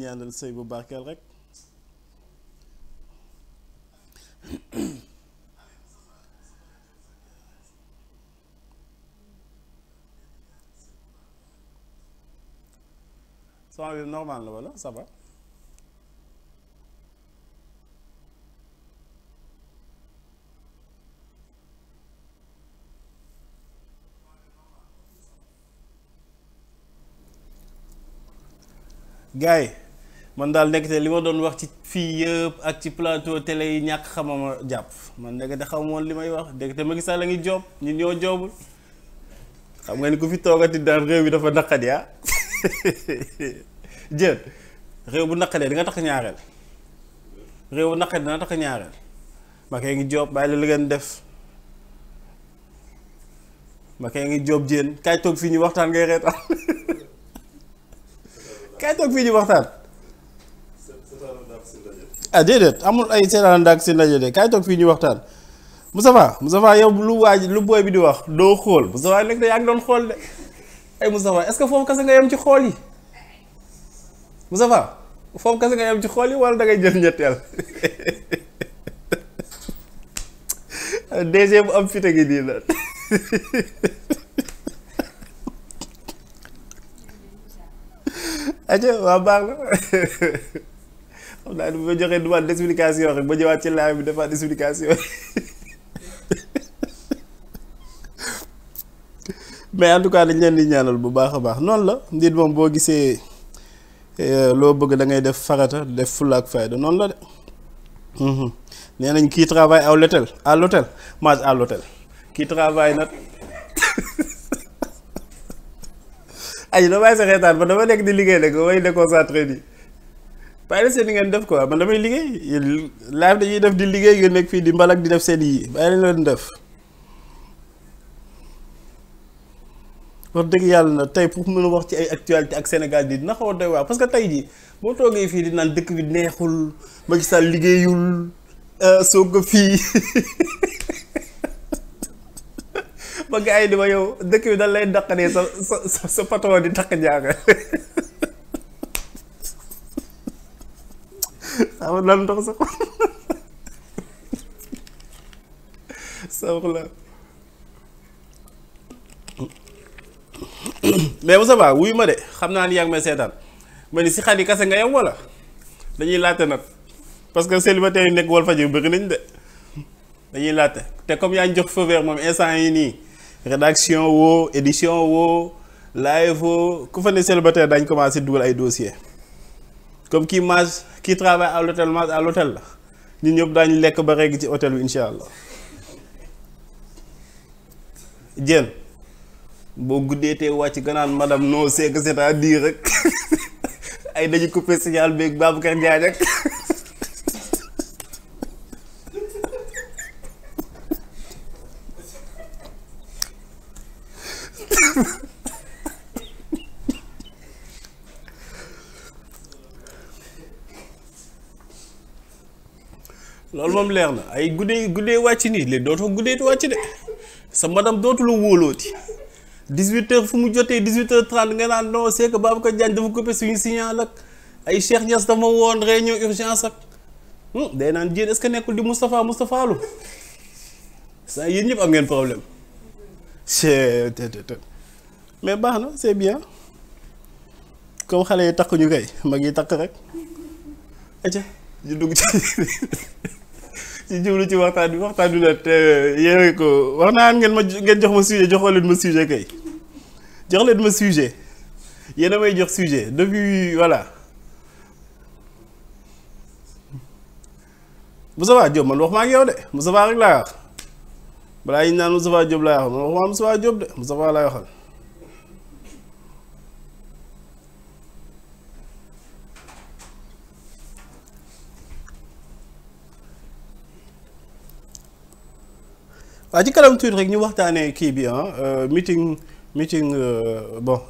ñaanal sëy bu barkeel rek son bi normal la wala ça va man daal ndekete li ma doon wax ci fii yëpp ak ci plateau télé yi ñàkk xamama jàpp man ndekete xaw moon li may wax ndekete Macky Sall a ngi joob ñun ñoo joobul xam nga ni ku fi toogati daal réew bi dafa naqadi ah jën réew bu naqadee di nga tax ñaareel réew bu naqadee dina tax ñaareel ngi joob bàyyi la li ngeen def Macky ngi joob jën kaay toog fii ñu waxtaan ngay reetaan kaay toog fii ñu waxtaan ah déedéet amul ay seetaan ndax si ndaje de kaay toog fii ñu waxtaan Moustapha Moustapha yow lu waaj lu booy bi di wax doo xool Moustapha nekk da yaa ngi doon xool de ay Moustapha est-ce que foofu nga yem ci xool yi Moustapha foofu kese nga yem ci xool yi wala dangay jël ñetteel DG bu am fite gi nii la aja waa baax la xam naa ba joxee defaat explication rek ba ñëwaat ci live bi defaat explication mais en tout cas dañ leen di ñaanal bu baax a baax noonu la nit moom boo gisee euh, loo bëgg da ngay def farata def fulla ak fayda noonu la de mhm. nee nañ kii travaille à l'hôtel à l'hôtel mange à l'hôtel kii travaille nag ay damay sa xeetaan ba dama nekk di liggéey nag way déconcentré nii bàyyi la seen ngeen def quoi man damay liggéey live dañuy def di liggéey ngeen nekk fii di mbalak di def seen yi bàyyi la leen def dëgg yàlla na tey pour mën wax ci ay actualité ak Sénégal di dina xaw a doy parce que tey jii boo toogee fii di naan dëkk bi neexul Macky Sall liggéeyul euh, soo ko fii ba gars yi di ma yow dëkk bi dañ lay daqanee sa sa patron di takk jaaga xaw ma ndox sax sax la mais Moussa Ba wuyu ma de xam naa ni yaa ngi may seetaan ma ni si xar yi kase nga yow walla dañuy laajte nag parce que célibataire yi nekk Walfadjri bëgg nañ de dañuy laajte te comme yaa ngi jox feu vert moom instant yi nii rédaction woo édition woo live woo ku fa ne célibataire dañ commencé dugal ay dossier comme kii mange kii travaille à l'hôtel mange à l'hôtel la ñun ñëpp daañu lekk ba regg ci hôtel bi incha allah jën boo guddee tee wàcc nga madame non c'est que cest rek ay dañu coupé signal beeg Babacar Diagne ak loolu moom leer na ay guddee guddee wàcc nii léegi dootoo guddee wàcc de sa madame dootu la wóolooti 18h fu mu jotee 18h30 nga naan non c'est que Babacar Diagne dafa coupé suñu signal ak ay Cheikh Niass dafa woon réunion urgence ak hmm, day naan jéen est-ce que nekkul di Moustapha Moustapha Lu saa yéen ñëpp am ngeen problème mais baax na c'est bien comme xale yi takk ñu kay mag yi takk rek. aca ñu dugg ci ci jublu ci waxtaan bi waxtaan bi la te yéen ko wax naa ngeen ma ngeen jox ma sujet joxoo leen ma sujet kay jox leen ma sujet yéen a may jox sujet depuis voilà. Moustapha Diop man wax maa ak yow de Moustapha rek laa wax balaa ñu naan Moustapha Diop laa wax man wax ma Moustapha Diop de Moustapha laay waxal. waaw ci kanam tuuti ñu waxtaanee kii bi ah euh, meeting meeting euh, bon